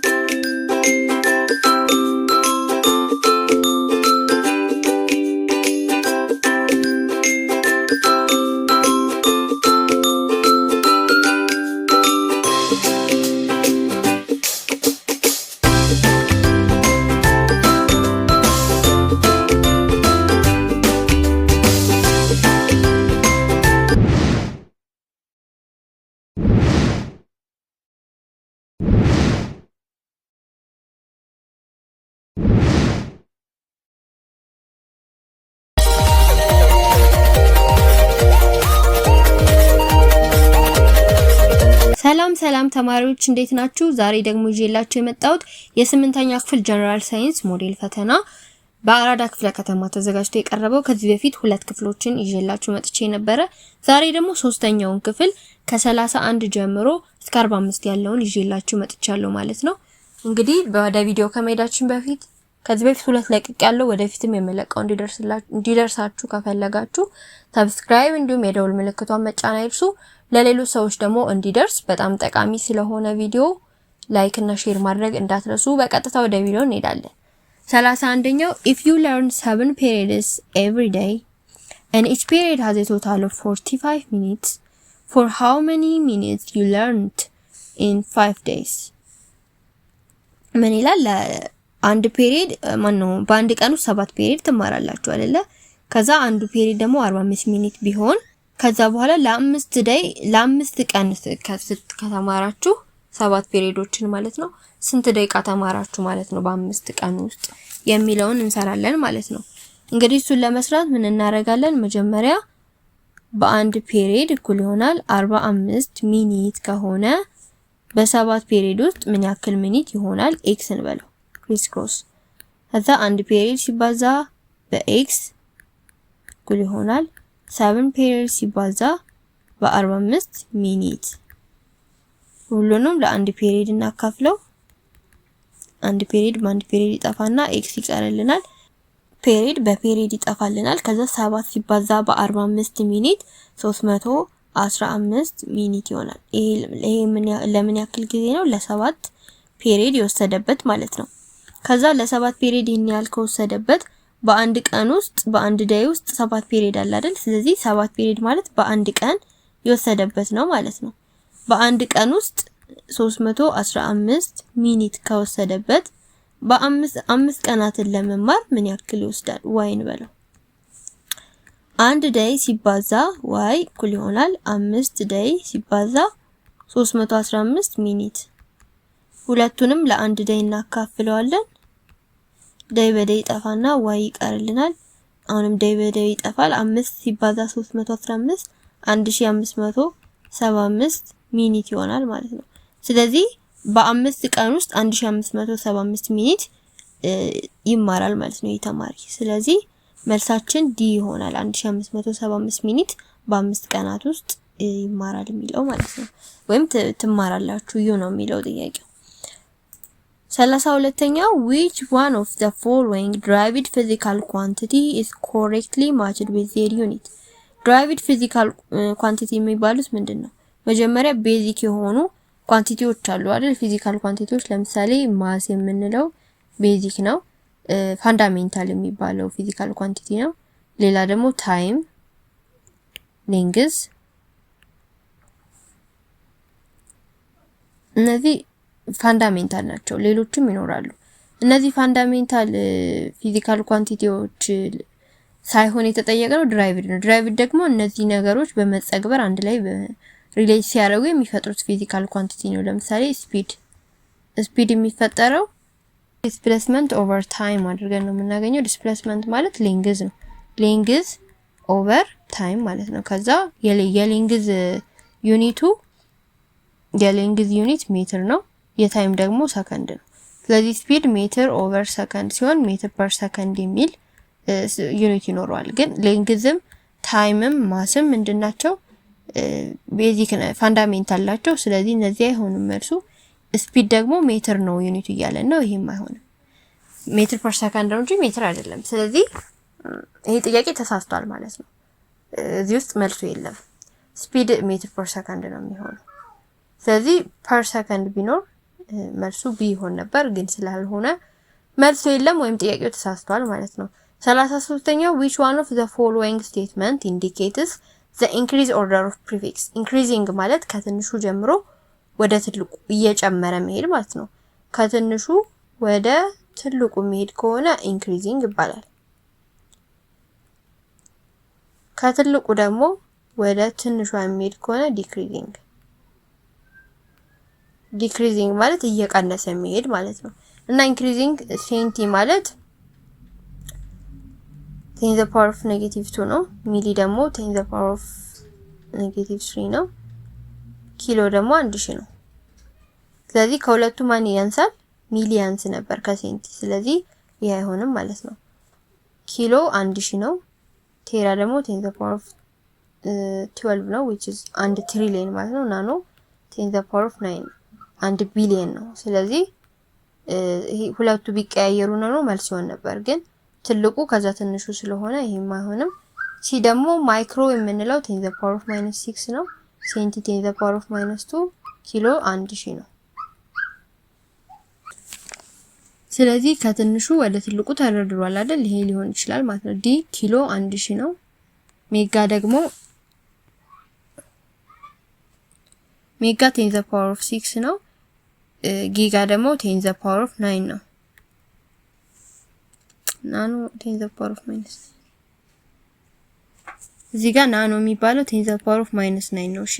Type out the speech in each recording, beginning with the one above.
thank you ሰላም ተማሪዎች እንዴት ናችሁ? ዛሬ ደግሞ ይዤላችሁ የመጣሁት የስምንተኛ ክፍል ጀነራል ሳይንስ ሞዴል ፈተና በአራዳ ክፍለ ከተማ ተዘጋጅቶ የቀረበው ከዚህ በፊት ሁለት ክፍሎችን ይዤላችሁ መጥቼ ነበረ። ዛሬ ደግሞ ሶስተኛውን ክፍል ከ31 ጀምሮ እስከ 45 ያለውን ይዤላችሁ መጥቻለሁ ማለት ነው። እንግዲህ ወደ ቪዲዮ ከመሄዳችን በፊት ከዚህ በፊት ሁለት ለቅቅ ያለው ወደፊትም የመለቀው እንዲደርሳችሁ ከፈለጋችሁ ሰብስክራይብ እንዲሁም የደውል ምልክቷን መጫን አይርሱ። ለሌሎች ሰዎች ደግሞ እንዲደርስ በጣም ጠቃሚ ስለሆነ ቪዲዮ ላይክ እና ሼር ማድረግ እንዳትረሱ። በቀጥታ ወደ ቪዲዮ እንሄዳለን። ሰላሳ አንደኛው if you learn seven periods every day and each period has a total of 45 minutes for how many minutes you learned in 5 days ምን ይላል? አንድ ፔሪድ ማን ነው? በአንድ ቀን ውስጥ ሰባት ፔሪድ ትማራላችሁ አይደለ? ከዛ አንዱ ፔሪድ ደግሞ 45 ሚኒት ቢሆን ከዛ በኋላ ለአምስት ደይ ለአምስት ቀን ከተማራችሁ ሰባት ፔሪዶችን ማለት ነው ስንት ደቂቃ ተማራችሁ ማለት ነው በአምስት ቀን ውስጥ የሚለውን እንሰራለን ማለት ነው። እንግዲህ እሱን ለመስራት ምን እናደርጋለን? መጀመሪያ በአንድ ፔሪድ እኩል ይሆናል 45 ሚኒት ከሆነ በሰባት ፔሪድ ውስጥ ምን ያክል ሚኒት ይሆናል? ኤክስ እንበለው ክሪስ ክሮስ። ከዛ አንድ ፔሪድ ሲባዛ በኤክስ እኩል ይሆናል ሰብን ፔሪድ ሲባዛ በ45 ሚኒት ሁሉንም ለአንድ ፔሪድ እናካፍለው። አንድ ፔሪድ በአንድ ፔሪድ ይጠፋና ኤክስ ይቀርልናል። ፔሪድ በፔሪድ ይጠፋልናል። ከዛ 7 ሲባዛ በ45 ሚኒት 315 ሚኒት ይሆናል። ይሄ ለምን ያክል ጊዜ ነው? ለሰባት ፔሪድ የወሰደበት ማለት ነው። ከዛ ለሰባት ፔሪድ ይህን ያህል ከወሰደበት በአንድ ቀን ውስጥ በአንድ ዳይ ውስጥ ሰባት ፔሪድ አለ አይደል? ስለዚህ ሰባት ፔሪድ ማለት በአንድ ቀን የወሰደበት ነው ማለት ነው። በአንድ ቀን ውስጥ 315 ሚኒት ከወሰደበት በአምስት አምስት ቀናትን ለመማር ምን ያክል ይወስዳል? ዋይን በለው አንድ ዳይ ሲባዛ ዋይ እኩል ይሆናል አምስት ዳይ ሲባዛ 315 ሚኒት። ሁለቱንም ለአንድ ዳይ እናካፍለዋለን ደይ በደይ ይጠፋና ዋይ ይቀርልናል። አሁንም ዳይ በዳይ ይጠፋል። አምስት ሲባዛ 315 1575 ሚኒት ይሆናል ማለት ነው። ስለዚህ በአምስት ቀን ውስጥ 1575 ሚኒት ይማራል ማለት ነው የተማሪ። ስለዚህ መልሳችን ዲ ይሆናል። 1575 ሚኒት በአምስት ቀናት ውስጥ ይማራል የሚለው ማለት ነው። ወይም ትማራላችሁ ይሁ ነው የሚለው ጥያቄው። ሰላሳ ሁለተኛው which one of the following derived physical quantity is correctly matched with their unit derived uh, uh, physical quantity የሚባሉት ምንድን ነው? መጀመሪያ ቤዚክ የሆኑ ኳንቲቲዎች አሉ አይደል? ፊዚካል ኳንቲቲዎች ለምሳሌ ማስ የምንለው ቤዚክ ነው። ፋንዳሜንታል የሚባለው ፊዚካል ኳንቲቲ ነው። ሌላ ደግሞ ታይም፣ ሌንግዝ እነዚህ ፋንዳሜንታል ናቸው። ሌሎችም ይኖራሉ። እነዚህ ፋንዳሜንታል ፊዚካል ኳንቲቲዎች ሳይሆን የተጠየቀው ድራይቭድ ነው። ድራይቭድ ደግሞ እነዚህ ነገሮች በመጸግበር አንድ ላይ ሪሌት ሲያደርጉ የሚፈጥሩት ፊዚካል ኳንቲቲ ነው። ለምሳሌ ስፒድ ስፒድ የሚፈጠረው ዲስፕሌስመንት ኦቨር ታይም አድርገን ነው የምናገኘው። ዲስፕሌስመንት ማለት ሌንግዝ ነው። ሌንግዝ ኦቨር ታይም ማለት ነው። ከዛ የሌንግዝ ዩኒቱ የሌንግዝ ዩኒት ሜትር ነው። የታይም ደግሞ ሰከንድ ነው። ስለዚህ ስፒድ ሜትር ኦቨር ሰከንድ ሲሆን ሜትር ፐር ሰከንድ የሚል ዩኒት ይኖረዋል። ግን ሌንግዝም ታይምም ማስም ምንድናቸው? ቤዚክ ፋንዳሜንታል ናቸው። ስለዚህ እነዚህ አይሆንም መልሱ። ስፒድ ደግሞ ሜትር ነው ዩኒቱ እያለን ነው። ይህም አይሆንም። ሜትር ፐር ሰከንድ ነው እንጂ ሜትር አይደለም። ስለዚህ ይሄ ጥያቄ ተሳስቷል ማለት ነው። እዚህ ውስጥ መልሱ የለም። ስፒድ ሜትር ፐር ሰከንድ ነው የሚሆነው። ስለዚህ ፐር ሰከንድ ቢኖር መልሱ ቢ ይሆን ነበር፣ ግን ስላልሆነ መልሱ የለም ወይም ጥያቄው ተሳስቷል ማለት ነው። 33ኛው which one of the following statement indicates the increase order of prefix increasing ማለት ከትንሹ ጀምሮ ወደ ትልቁ እየጨመረ መሄድ ማለት ነው። ከትንሹ ወደ ትልቁ መሄድ ከሆነ ኢንክሪዚንግ ይባላል። ከትልቁ ደግሞ ወደ ትንሿ የሚሄድ ከሆነ ዲክሪዚንግ ዲክሪዚንግ ማለት እየቀነሰ የሚሄድ ማለት ነው እና ኢንክሪዚንግ ሴንቲ ማለት ቴን ዘ ፓወር ኦፍ ኔጌቲቭ ቱ ነው። ሚሊ ደግሞ ቴን ዘ ፓወር ኦፍ ኔጌቲቭ ስሪ ነው። ኪሎ ደግሞ አንድ ሺ ነው። ስለዚህ ከሁለቱ ማን ያንሳል? ሚሊ ያንስ ነበር ከሴንቲ። ስለዚህ ይህ አይሆንም ማለት ነው። ኪሎ አንድ ሺ ነው። ቴራ ደግሞ ቴን ዘ ፓወር ኦፍ ትዌልቭ ነው ዊች ኢዝ አንድ ትሪሊየን ማለት ነው። ናኖ ቴን ዘ ፓወር ኦፍ ናይን ነው። አንድ ቢሊየን ነው። ስለዚህ ሁለቱ ቢቀያየሩ ነው መልስ ይሆን ነበር፣ ግን ትልቁ ከዛ ትንሹ ስለሆነ ይህም አይሆንም። ሲ ደግሞ ማይክሮ የምንለው ቴን ዘ ፓወር ኦፍ ማይነስ ሲክስ ነው። ሴንቲ ቴን ዘ ፓወር ኦፍ ማይነስ ቱ ኪሎ አንድ ሺ ነው። ስለዚህ ከትንሹ ወደ ትልቁ ተደርድሯል አይደል? ይሄ ሊሆን ይችላል ማለት ነው። ዲ ኪሎ አንድ ሺ ነው። ሜጋ ደግሞ ሜጋ ቴን ዘ ፓወር ኦፍ ሲክስ ነው። ጊጋ ደግሞ ቴን ዘ ፓወር ኦፍ ናይን ነው። ናኖ ቴን ዘ ፓወር ኦፍ ማይነስ እዚህ ጋር ናኖ የሚባለው ቴን ዘ ፓወር ኦፍ ማይነስ ናይን ነው። እሺ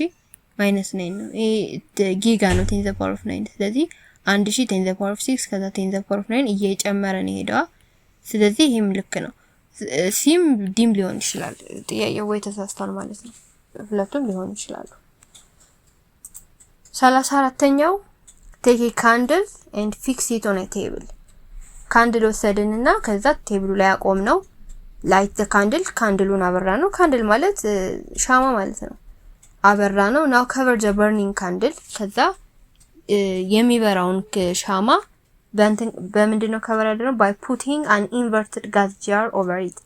ማይነስ ናይን ነው። ይሄ ጊጋ ነው ቴን ዘ ፓወር ኦፍ ናይን። ስለዚህ አንድ ሺ ቴን ዘ ፓወር ኦፍ ሲክስ ከዛ ቴን ዘ ፓወር ኦፍ ናይን እየጨመረ ነው ሄደዋ። ስለዚህ ይሄም ልክ ነው። ሲም ዲም ሊሆን ይችላል። ጥያቄው ወይ ተሳስቷል ማለት ነው። ሁለቱም ሊሆን ይችላሉ። ሰላሳ አራተኛው ቴክ ካንድል ኤንድ ፊክስ ኢት ኦን ቴብል ካንድል ወሰድንና ከዛ ቴብሉ ላይ አቆም ነው። ላይት ካንድል ካንድሉን አበራ ነው። ካንድል ማለት ሻማ ማለት ነው። አበራ ነው። ናው ከቨር ዘ በርኒንግ ካንድል ከዛ የሚበራውን ሻማ በምንድን ነው ከበር ያደረገው? ባይ ፑቲንግ አን ኢንቨርትድ ጋዝ ጃር ኦቨር ኢት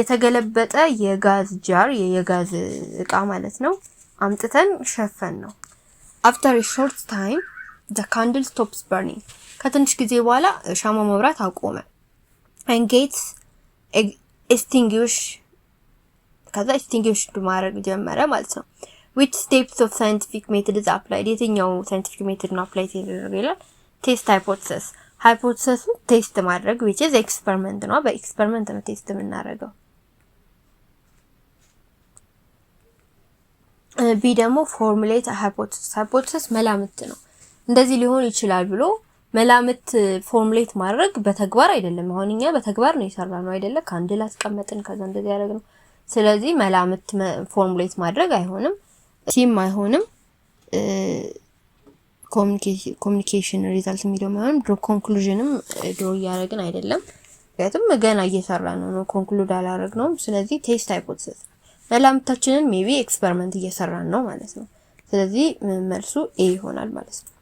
የተገለበጠ የጋዝ ጃር የጋዝ እቃ ማለት ነው። አምጥተን ሸፈን ነው። አፍተር ሾርት ታይም the candle stops burning. ከትንሽ ጊዜ በኋላ ሻማ መብራት አቆመ። and gates ኤስቲንግዊሽ ከዛ ኤስቲንግዊሽ ማድረግ ጀመረ ማለት ነው። which steps of scientific method is applied የትኛው ሳይንቲፊክ ሜትድ ነው አፕላይ ተደረገ ይላል። ቴስት ሃይፖቴሲስ ሃይፖቴሲሱ ቴስት ማድረግ which is experiment ነው። በኤክስፐሪመንት ነው ቴስት የምናደርገው። ቢ uh, ደግሞ ፎርሙሌት ሃይፖቴሲስ ሃይፖቴሲስ መላምት ነው። እንደዚህ ሊሆን ይችላል ብሎ መላምት ፎርሙሌት ማድረግ በተግባር አይደለም። አሁን እኛ በተግባር ነው የሰራ ነው አይደለ? ከአንድ ላስቀመጥን ከዛ እንደዚህ ያደረግ ነው። ስለዚህ መላምት ፎርሙሌት ማድረግ አይሆንም፣ ሲም አይሆንም፣ ኮሚኒኬሽን ሪዛልት የሚለው አይሆንም። ድሮ ኮንክሉዥንም ድሮ እያደረግን አይደለም፣ ምክንያቱም ገና እየሰራ ነው ነው ኮንክሉድ አላደረግ ነው። ስለዚህ ቴስት ሃይፖቴሲስ መላምታችንን ሜቢ ኤክስፐሪመንት እየሰራን ነው ማለት ነው። ስለዚህ መልሱ ኤ ይሆናል ማለት ነው።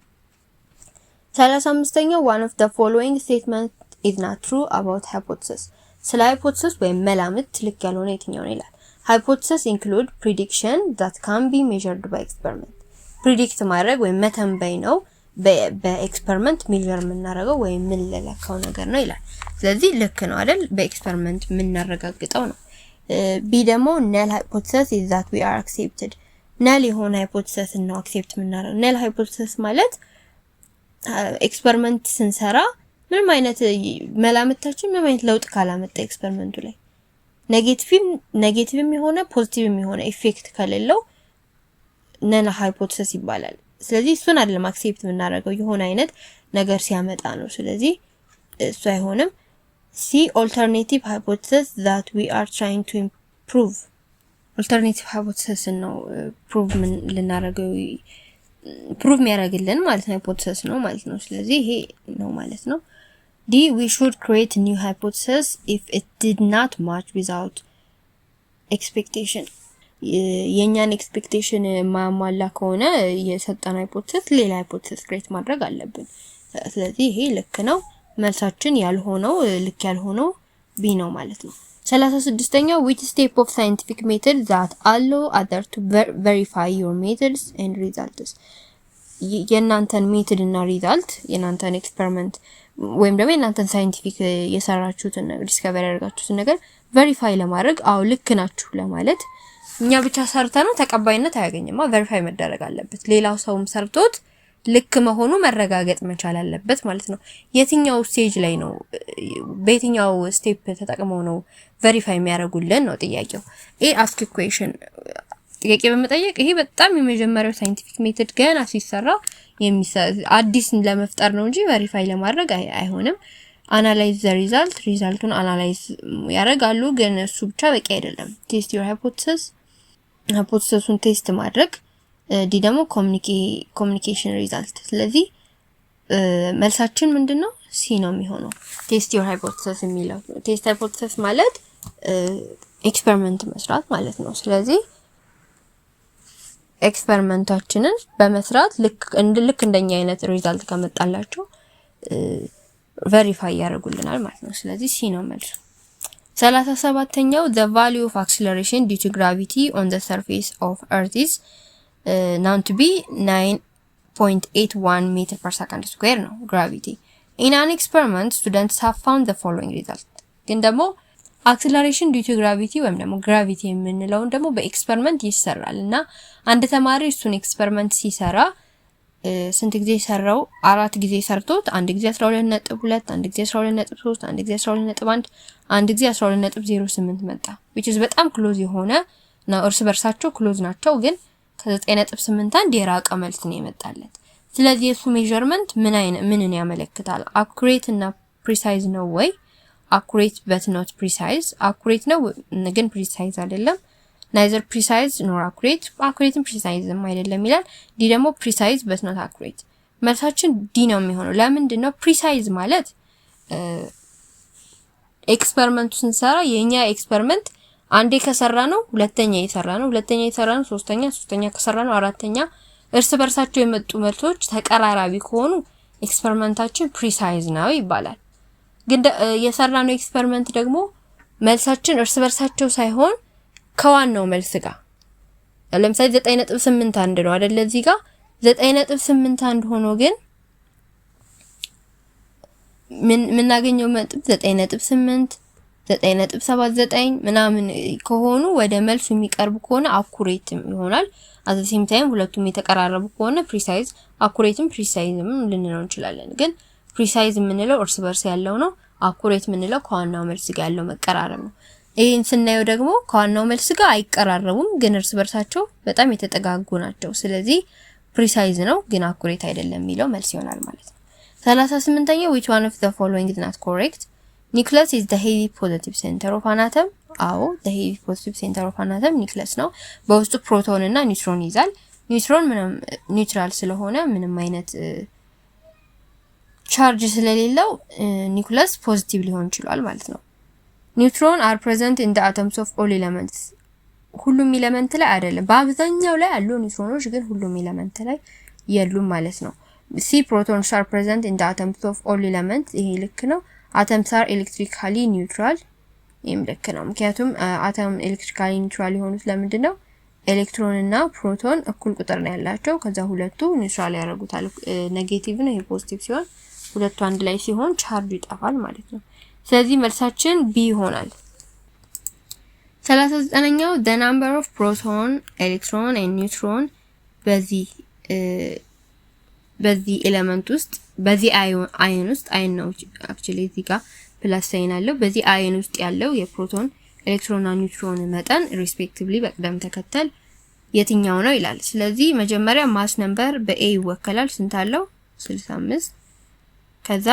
ሰላሳ አምስተኛው ዋን ኦፍ ዘ ፎሎዊንግ ስቴትመንት ኢዝ ናት ትሩ አባውት ሃይፖቴሲስ ስለ ሃይፖቴሲስ ወይም መላምት ልክ ያልሆነ የትኛው ነው ይላል። ሃይፖቴሲስ ኢንክሉድ ፕሪዲክሽን ዛት ካን ቢ ሜዠርድ ባይ ኤክስፐሪመንት ፕሪዲክት ማድረግ ወይም መተንበይ ነው በኤክስፐሪመንት ሚለር የምናደርገው ወይም የምንለካው ነገር ነው ይላል። ስለዚህ ልክ ነው አይደል? በኤክስፐሪመንት የምናረጋግጠው ነው። ቢ ደግሞ ነል ሃይፖቴሲስ ኢዝ ዛት ዊ አር አክሴፕትድ ነል የሆነ ሃይፖቴሲስ ነው አክሴፕት የምናደርገው ነል ሃይፖቴሲስ ማለት ኤክስፐሪመንት ስንሰራ ምንም አይነት መላምታችን ምንም አይነት ለውጥ ካላመጣ ኤክስፐሪመንቱ ላይ ኔጌቲቭም ኔጌቲቭም የሆነ ፖዚቲቭም የሆነ ኢፌክት ከሌለው ነን ሃይፖቴሲስ ይባላል። ስለዚህ እሱን አይደለም አክሴፕት የምናደርገው የሆነ አይነት ነገር ሲያመጣ ነው። ስለዚህ እሱ አይሆንም። ሲ ኦልተርኔቲቭ ሃይፖቴሲስ ዛት ዊ አር ትራይንግ ቱ ኢምፕሩቭ ኦልተርኔቲቭ ሃይፖቴሲስን ነው ፕሩቭ ምን ልናደርገው ፕሩቭ የሚያደርግልን ማለት ነው። ሃይፖቴሲስ ነው ማለት ነው። ስለዚህ ይሄ ነው ማለት ነው። ዲ ዊ ሹድ ክሬት ኒው ሃይፖቴሲስ ኢፍ ኢት ዲድ ናት ማች ዊዛውት ኤክስፔክቴሽን የእኛን ኤክስፔክቴሽን የማያሟላ ከሆነ የሰጠን ሃይፖቴሲስ ሌላ ሃይፖቴሲስ ክሬት ማድረግ አለብን። ስለዚህ ይሄ ልክ ነው። መልሳችን ያልሆነው ልክ ያልሆነው ቢ ነው ማለት ነው። ሰላሳ ስድስተኛው which step of scientific method that allow other to verify your methods and results የእናንተን ሜትድ እና ሪዛልት የእናንተን ኤክስፐሪመንት ወይም ደግሞ የእናንተን ሳይንቲፊክ የሰራችሁትን ዲስከቨር ያደርጋችሁትን ነገር ቨሪፋይ ለማድረግ አዎ ልክ ናችሁ ለማለት እኛ ብቻ ሰርተ ነው ተቀባይነት አያገኝማ። ቨሪፋይ መደረግ አለበት። ሌላው ሰውም ሰርቶት ልክ መሆኑ መረጋገጥ መቻል አለበት ማለት ነው። የትኛው ስቴጅ ላይ ነው፣ በየትኛው ስቴፕ ተጠቅመው ነው ቨሪፋይ የሚያደርጉልን ነው ጥያቄው። ይሄ አስክ ኩዌሽን ጥያቄ በመጠየቅ ይሄ በጣም የመጀመሪያው ሳይንቲፊክ ሜቶድ ገና ሲሰራ አዲስ ለመፍጠር ነው እንጂ ቨሪፋይ ለማድረግ አይሆንም። አናላይዝ ዘ ሪዛልት ሪዛልቱን አናላይዝ ያደርጋሉ፣ ግን እሱ ብቻ በቂ አይደለም። ቴስት ዮር ሃይፖቴሲስ ሃይፖቴሲሱን ቴስት ማድረግ ዲ ደግሞ ኮሚኒኬሽን ሪዛልት። ስለዚህ መልሳችን ምንድን ነው? ሲ ነው የሚሆነው። ቴስት ዮር ሃይፖቴሲስ የሚለው ቴስት ሃይፖቴሲስ ማለት ኤክስፐሪመንት መስራት ማለት ነው። ስለዚህ ኤክስፐሪመንታችንን በመስራት ልክ እንደኛ አይነት ሪዛልት ከመጣላቸው ቨሪፋይ ያደርጉልናል ማለት ነው። ስለዚህ ሲ ነው መልሱ። ሰላሳ ሰባተኛው ዘ ቫሊዩ ኦፍ አክሲለሬሽን ዲው ቱ ግራቪቲ ኦን ዘ ሰርፌስ ኦፍ ኤርዝ ናውን ቱ ቢ 9.81 ሜትር ፐር ሰከንድ ስኩዌር ነው ግራቪቲ። ኢን አን ኤክስፐሪመንት ስቱደንትስ ሃቭ ፋውንድ ዘ ፎሎዊንግ ሪዛልት። ግን ደግሞ አክስለሬሽን ዲዩ ቱ ግራቪቲ ወይም ደግሞ ግራቪቲ የምንለውን ደግሞ በኤክስፐሪመንት ይሰራል እና አንድ ተማሪ እሱን ኤክስፐሪመንት ሲሰራ ስንት ጊዜ ሰራው? አራት ጊዜ ሰርቶት አንድ ጊዜ 12 ነጥብ 2 አንድ ጊዜ 12 ነጥብ 3 አንድ ጊዜ 12 ነጥብ 1 አንድ ጊዜ 12 ነጥብ 08 መጣ። which is በጣም ክሎዝ የሆነ ነው። እርስ በርሳቸው ክሎዝ ናቸው ግን ከ አንድ የራቀ መልስ ነው የመጣለት። ስለዚህ የሱ ሜዥርመንት ምን አይነ ምንን ያመለክታል? አኩሬት እና ፕሪሳይዝ ነው ወይ? አኩሬት በት ኖት ፕሪሳይዝ። አኩሬት ነው ግን ፕሪሳይዝ አይደለም። ናይዘር ፕሪሳይዝ ኖር አኩሬት፣ አኩሬትም ፕሪሳይዝም አይደለም ይላል። ዲ ደግሞ ፕሪሳይዝ በት ኖት አኩሬት። መልሳችን ዲ ነው የሚሆነው። ለምንድን ነው ፕሪሳይዝ ማለት ኤክስፐሪመንቱ ስንሰራ የኛ ኤክስፐሪመንት አንዴ ከሰራ ነው ሁለተኛ የሰራ ነው ሁለተኛ የሰራ ነው ሶስተኛ ሶስተኛ ከሰራ ነው አራተኛ። እርስ በርሳቸው የመጡ መልሶች ተቀራራቢ ከሆኑ ኤክስፐሪመንታችን ፕሪሳይዝ ነው ይባላል። ግን የሰራ ነው ኤክስፐሪመንት ደግሞ መልሳችን እርስ በርሳቸው ሳይሆን ከዋናው መልስ ጋር ለምሳሌ 9.81 ነው አይደል? እዚህ ጋር 9.81 ሆኖ ግን የምናገኘው መጥብ 9.8 ዘጠኝ ምናምን ከሆኑ ወደ መልሱ የሚቀርቡ ከሆነ አኩሬትም ይሆናል። አት ሴም ታይም ሁለቱም የተቀራረቡ ከሆነ ፕሪሳይዝ አኩሬትም ፕሪሳይዝም ልንለው እንችላለን። ግን ፕሪሳይዝ የምንለው እርስ በርስ ያለው ነው። አኩሬት የምንለው ከዋናው መልስ ጋር ያለው መቀራረብ ነው። ይህን ስናየው ደግሞ ከዋናው መልስ ጋር አይቀራረቡም፣ ግን እርስ በርሳቸው በጣም የተጠጋጉ ናቸው። ስለዚህ ፕሪሳይዝ ነው ግን አኩሬት አይደለም የሚለው መልስ ይሆናል ማለት ነው ሰላሳ 38ኛው ዊች ዋን ኦፍ ዘ ፎሎዊንግ is not ኒክለስ ኢዝ ዘ ሄቪ ፖዘቲቭ ሴንተር ኦፍ አናተም። አዎ ዘ ሄቪ ፖዘቲቭ ሴንተር ኦፍ አናተም ኒክለስ ነው። በውስጡ ፕሮቶን እና ኒውትሮን ይዛል። ኒውትሮን ምንም ኒውትራል ስለሆነ ምንም አይነት ቻርጅ ስለሌለው ኒኩለስ ፖዚቲቭ ሊሆን ይችላል ማለት ነው። ኒውትሮን አር ፕሬዘንት ኢን ዘ አተምስ ኦፍ ኦል ኤሌመንትስ ሁሉም ኤሌመንት ላይ አይደለም፣ በአብዛኛው ላይ አሉ ኒውትሮኖች፣ ግን ሁሉም ኤሌመንት ላይ የሉም ማለት ነው። ሲ ፕሮቶንስ አር ፕሬዘንት ኢን ዘ አተምስ ኦፍ ኦል ኤሌመንት ይሄ ልክ ነው። አተም ሳር ኤሌክትሪካሊ ኒውትራል ይህ ምልክ ነው። ምክንያቱም አተም ኤሌክትሪካሊ ኒውትራል የሆኑት ለምንድን ነው? ኤሌክትሮን እና ፕሮቶን እኩል ቁጥር ነው ያላቸው። ከዛ ሁለቱ ኒውትራል ያደርጉታል። ኔጌቲቭ ነው፣ ይሄ ፖዚቲቭ ሲሆን ሁለቱ አንድ ላይ ሲሆን ቻርጁ ይጠፋል ማለት ነው። ስለዚህ መልሳችን ቢ ይሆናል። 39ኛው the number of proton, electron and neutron በዚህ በዚህ ኤለመንት ውስጥ በዚህ አየን ውስጥ አየን ነው አክቹሊ እዚህ ጋር ፕላስ ሳይን አለው። በዚህ አይን ውስጥ ያለው የፕሮቶን ኤሌክትሮንና ኒውትሮን መጠን ሪስፔክቲቭሊ በቅደም ተከተል የትኛው ነው ይላል። ስለዚህ መጀመሪያ ማስ ነምበር በኤ ይወከላል። ስንት አለው? 65 ከዛ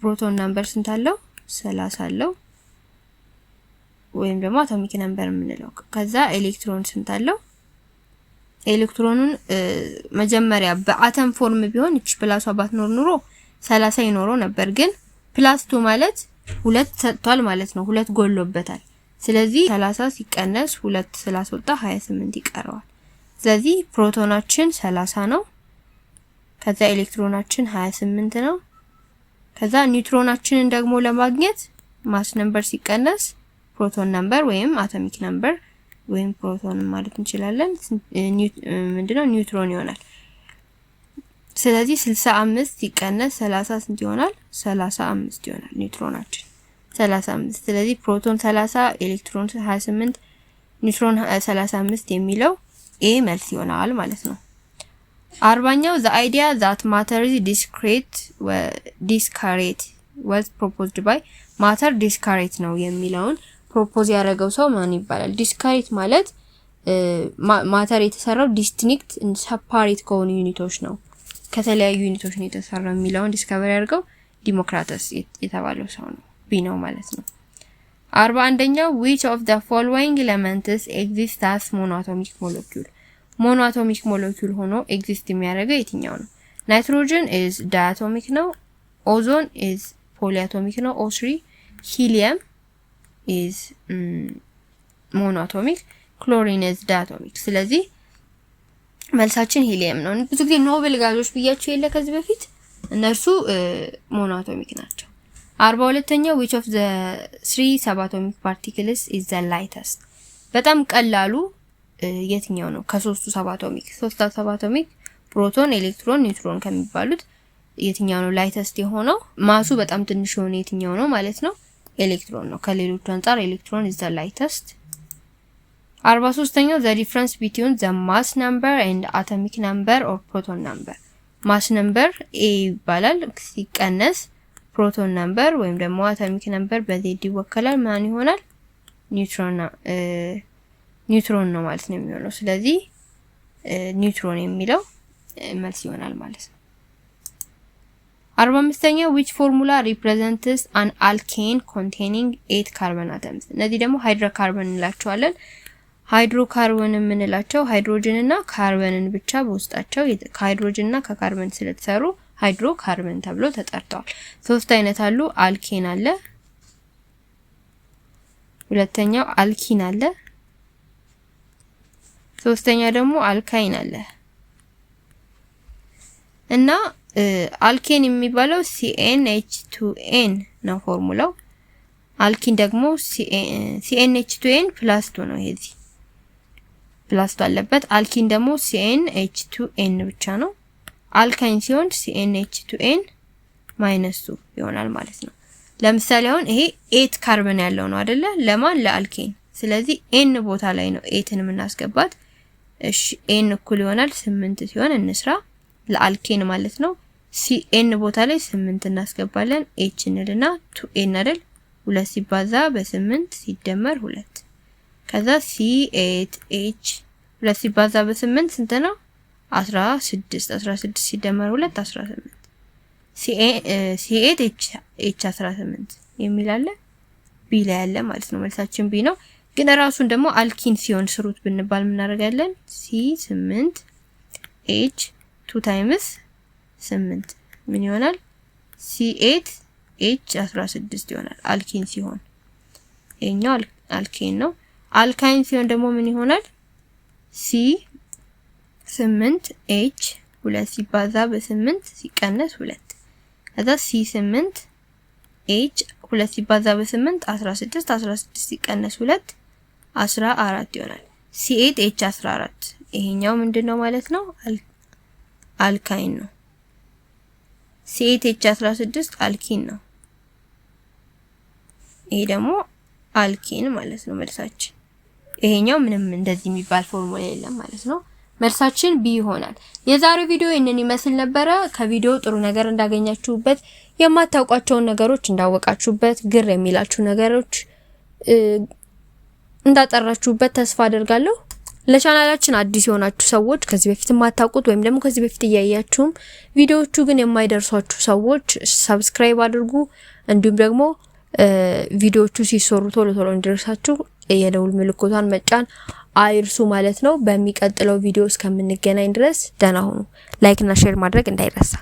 ፕሮቶን ነምበር ስንት አለው? 30 አለው ወይም ደግሞ አቶሚክ ነምበር የምንለው ከዛ ኤሌክትሮን ስንት አለው? ኤሌክትሮኑን መጀመሪያ በአተም ፎርም ቢሆን እች ፕላሷ ባትኖር ኑሮ ሰላሳ ይኖረው ነበር። ግን ፕላስ 2 ማለት ሁለት ሰጥቷል ማለት ነው። ሁለት ጎሎበታል። ስለዚህ 30 ሲቀነስ ሁለት ስላስወጣ 28 ይቀረዋል። ስለዚህ ፕሮቶናችን 30 ነው። ከዛ ኤሌክትሮናችን 28 ነው። ከዛ ኒውትሮናችንን ደግሞ ለማግኘት ማስ ነምበር ሲቀነስ ፕሮቶን ነምበር ወይም አቶሚክ ነምበር ወይም ፕሮቶን ማለት እንችላለን። ምንድነው ኒውትሮን ይሆናል። ስለዚህ 65 ሲቀነስ 30 ስንት ይሆናል? 35 ይሆናል ኒውትሮናችን 35 ስለዚህ ፕሮቶን 30 ኤሌክትሮን 28 ኒውትሮን 35 የሚለው ኤ መልስ ይሆናል ማለት ነው። አርባኛው ዘ አይዲያ ዛት ማተር ኢዝ ዲስክሬት ወ ዲስካሬት ወዝ ፕሮፖዝድ ባይ ማተር ዲስካሬት ነው የሚለውን ፕሮፖዝ ያደረገው ሰው ማን ይባላል? ዲስካሬት ማለት ማተር የተሰራው ዲስቲንክት ሰፓሬት ከሆኑ ዩኒቶች ነው ከተለያዩ ዩኒቶች ነው የተሰራው የሚለውን ዲስከቨሪ ያደርገው ዲሞክራተስ የተባለው ሰው ነው ቢ ነው ማለት ነው። አርባ አንደኛው ዊች ኦፍ ዘ ፎሎዊንግ ኤሌመንትስ ኤግዚስት አስ ሞኖአቶሚክ ሞለኪል ሞኖአቶሚክ ሞለኪል ሆኖ ኤግዚስት የሚያደርገው የትኛው ነው? ናይትሮጅን ኢዝ ዳያቶሚክ ነው። ኦዞን ኢዝ ፖሊአቶሚክ ነው ኦ O3 ሂሊየም ኢዝ ሞኖ ክሎሪን ኢዝ ዳቶሚክ። ስለዚህ መልሳችን ሂሊየም ነው። ብዙ ጊዜ ኖብል ጋዞች ብያቸው የለ ከዚህ በፊት እነርሱ ሞኖ አቶሚክ ናቸው። አርባ ሁለተኛው ዊች ኦፍ ዘ ስሪ ሰብ ፓርቲክልስ ኢዝ ዘ ላይተስት። በጣም ቀላሉ የትኛው ነው ከሶስቱ ሰብ አቶሚክ? ሶስቱ ሰብ ፕሮቶን፣ ኤሌክትሮን፣ ኒውትሮን ከሚባሉት የትኛው ነው ላይተስት የሆነው? ማሱ በጣም ትንሽ የሆነ የትኛው ነው ማለት ነው? ኤሌክትሮን ነው። ከሌሎቹ አንጻር ኤሌክትሮን ኢዝ ዘ ላይተስት። አርባ ሶስተኛው ዘ ዲፍረንስ ቢትዊን ዘ ማስ ነምበር ኤንድ አቶሚክ ነምበር ኦር ፕሮቶን ነምበር። ማስ ነምበር ኤ ይባላል ሲቀነስ ፕሮቶን ነምበር ወይም ደግሞ አቶሚክ ነምበር በዜድ ይወከላል። ማን ይሆናል? ኒውትሮን ነው ማለት ነው የሚሆነው። ስለዚህ ኒውትሮን የሚለው መልስ ይሆናል ማለት ነው። 45ኛው ዊች ፎርሙላ ሪፕሬዘንትስ አን አልኬን ኮንቴኒንግ ኤት ካርበን አተምስ። እነዚህ ደግሞ ሃይድሮካርበን እንላቸዋለን። ሃይድሮካርበን የምንላቸው ሃይድሮጅን ካርበንን ብቻ በውስጣቸው ከሃይድሮጅን እና ከካርበን ስለተሰሩ ሃይድሮካርበን ተብሎ ተጠርተዋል። ሶስት አይነት አሉ። አልኬን አለ፣ ሁለተኛው አልኪን አለ፣ ሶስተኛ ደግሞ አልካይን አለ እና አልኬን የሚባለው ሲኤን ኤች ቱ ኤን ነው ፎርሙላው። አልኪን ደግሞ ሲኤን ኤች ቱ ኤን ፕላስ ቱ ነው። ይሄዚ ፕላስ ቱ አለበት። አልኪን ደግሞ ሲኤን ኤች ቱ ኤን ብቻ ነው። አልካይን ሲሆን ሲኤን ኤች ቱ ኤን ማይነስ ቱ ይሆናል ማለት ነው። ለምሳሌ አሁን ይሄ ኤት ካርበን ያለው ነው አይደለ? ለማን ለአልኬን። ስለዚህ ኤን ቦታ ላይ ነው ኤትን የምናስገባት። እሺ ኤን እኩል ይሆናል ስምንት ሲሆን እንስራ ለአልኬን ማለት ነው ሲኤን ቦታ ላይ ስምንት እናስገባለን። ኤች እንልና ቱ ኤን አይደል ሁለት ሲባዛ በስምንት ሲደመር ሁለት ከዛ ሲ ኤት ኤች ሁለት ሲባዛ በስምንት ስንት ነው? አስራ ስድስት አስራ ስድስት ሲደመር ሁለት አስራ ስምንት ሲ ኤት ኤች አስራ ስምንት የሚል አለ ቢ ላይ ያለ ማለት ነው። መልሳችን ቢ ነው። ግን ራሱን ደግሞ አልኪን ሲሆን ስሩት ብንባል ምናደርጋለን? ሲ ስምንት ኤች ቱ ታይምስ ስምንት ምን ይሆናል? ሲኤት ኤች ስድስት ይሆናል። አልኪን ሲሆን ይሄኛው አልኬን ነው። አልካይን ሲሆን ደግሞ ምን ይሆናል? ሲ ስምንት ኤች 2 ሲባዛ በስምንት ሲቀነስ ሁለት ከዛ ሲ 8 ኤች 2 ሲባዛ በ8 16 16 ሲቀነስ 2 አራት ይሆናል። ሲ ኤት ኤች 14 ይሄኛው ምንድን ነው ማለት ነው? አልካይን ነው። ሴት 16 አልኪን ነው። ይሄ ደግሞ አልኪን ማለት ነው መልሳችን። ይሄኛው ምንም እንደዚህ የሚባል ፎርሙላ የለም ማለት ነው። መልሳችን ቢ ይሆናል። የዛሬው ቪዲዮ ይህንን ይመስል ነበረ። ከቪዲዮ ጥሩ ነገር እንዳገኛችሁበት፣ የማታውቋቸውን ነገሮች እንዳወቃችሁበት፣ ግር የሚላችሁ ነገሮች እንዳጠራችሁበት ተስፋ አደርጋለሁ። ለቻናላችን አዲስ የሆናችሁ ሰዎች ከዚህ በፊት የማታውቁት ወይም ደግሞ ከዚህ በፊት እያያችሁም ቪዲዮዎቹ ግን የማይደርሷችሁ ሰዎች ሰብስክራይብ አድርጉ። እንዲሁም ደግሞ ቪዲዮዎቹ ሲሰሩ ቶሎ ቶሎ እንዲደርሳችሁ የደውል ምልክቷን መጫን አይርሱ ማለት ነው። በሚቀጥለው ቪዲዮ እስከምንገናኝ ድረስ ደህና ሁኑ። ላይክና ሼር ማድረግ እንዳይረሳ።